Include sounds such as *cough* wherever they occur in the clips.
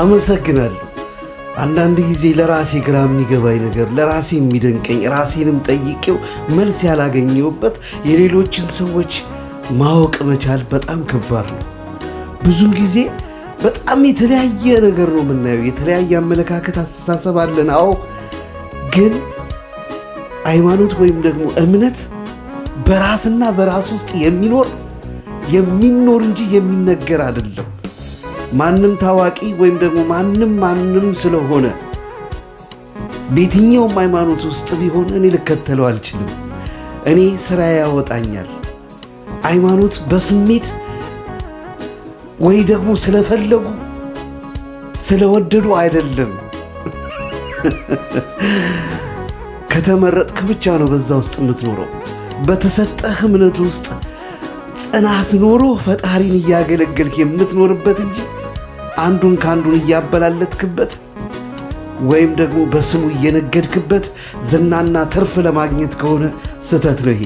አመሰግናለሁ። አንዳንድ ጊዜ ለራሴ ግራ የሚገባኝ ነገር ለራሴ የሚደንቀኝ ራሴንም ጠይቄው መልስ ያላገኘውበት የሌሎችን ሰዎች ማወቅ መቻል በጣም ከባድ ነው። ብዙን ጊዜ በጣም የተለያየ ነገር ነው የምናየው። የተለያየ አመለካከት፣ አስተሳሰብ አለን። አዎ፣ ግን ሃይማኖት ወይም ደግሞ እምነት በራስና በራስ ውስጥ የሚኖር የሚኖር እንጂ የሚነገር አይደለም። ማንም ታዋቂ ወይም ደግሞ ማንም ማንም ስለሆነ በየትኛውም ሃይማኖት ውስጥ ቢሆን እኔ ልከተለው አልችልም። እኔ ስራ ያወጣኛል። ሃይማኖት በስሜት ወይ ደግሞ ስለፈለጉ ስለወደዱ አይደለም። *laughs* ከተመረጥክ ብቻ ነው በዛ ውስጥ የምትኖረው። በተሰጠህ እምነት ውስጥ ጽናት ኖሮ ፈጣሪን እያገለገልክ የምትኖርበት እንጂ አንዱን ከአንዱን እያበላለትክበት ወይም ደግሞ በስሙ እየነገድክበት ዝናና ትርፍ ለማግኘት ከሆነ ስህተት ነው ይሄ።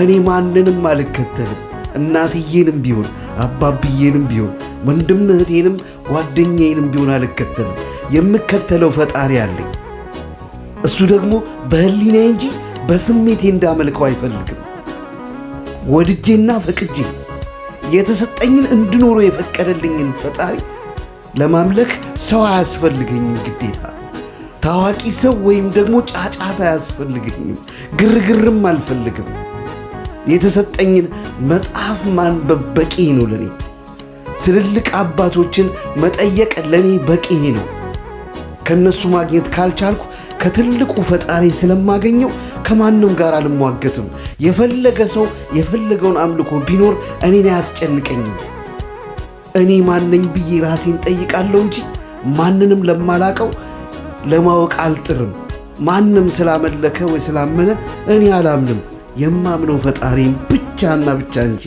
እኔ ማንንም አልከተልም፣ እናትዬንም ቢሆን አባብዬንም ቢሆን ወንድም እህቴንም ጓደኛዬንም ቢሆን አልከተልም። የምከተለው ፈጣሪ አለኝ። እሱ ደግሞ በህሊና እንጂ በስሜቴ እንዳመልከው አይፈልግም። ወድጄና ፈቅጄ የተሰጠኝን እንድኖሮ የፈቀደልኝን ፈጣሪ ለማምለክ ሰው አያስፈልገኝም ግዴታ ታዋቂ ሰው ወይም ደግሞ ጫጫታ አያስፈልገኝም። ግርግርም አልፈልግም። የተሰጠኝን መጽሐፍ ማንበብ በቂ ነው ለኔ። ትልልቅ አባቶችን መጠየቅ ለኔ በቂ ነው። ከነሱ ማግኘት ካልቻልኩ ከትልቁ ፈጣሪ ስለማገኘው ከማንም ጋር አልሟገትም። የፈለገ ሰው የፈለገውን አምልኮ ቢኖር እኔን አያስጨንቀኝም። እኔ ማነኝ ብዬ ራሴን ጠይቃለሁ እንጂ ማንንም ለማላቀው ለማወቅ አልጥርም። ማንም ስላመለከ ወይ ስላመነ እኔ አላምንም። የማምነው ፈጣሪም ብቻና ብቻ እንጂ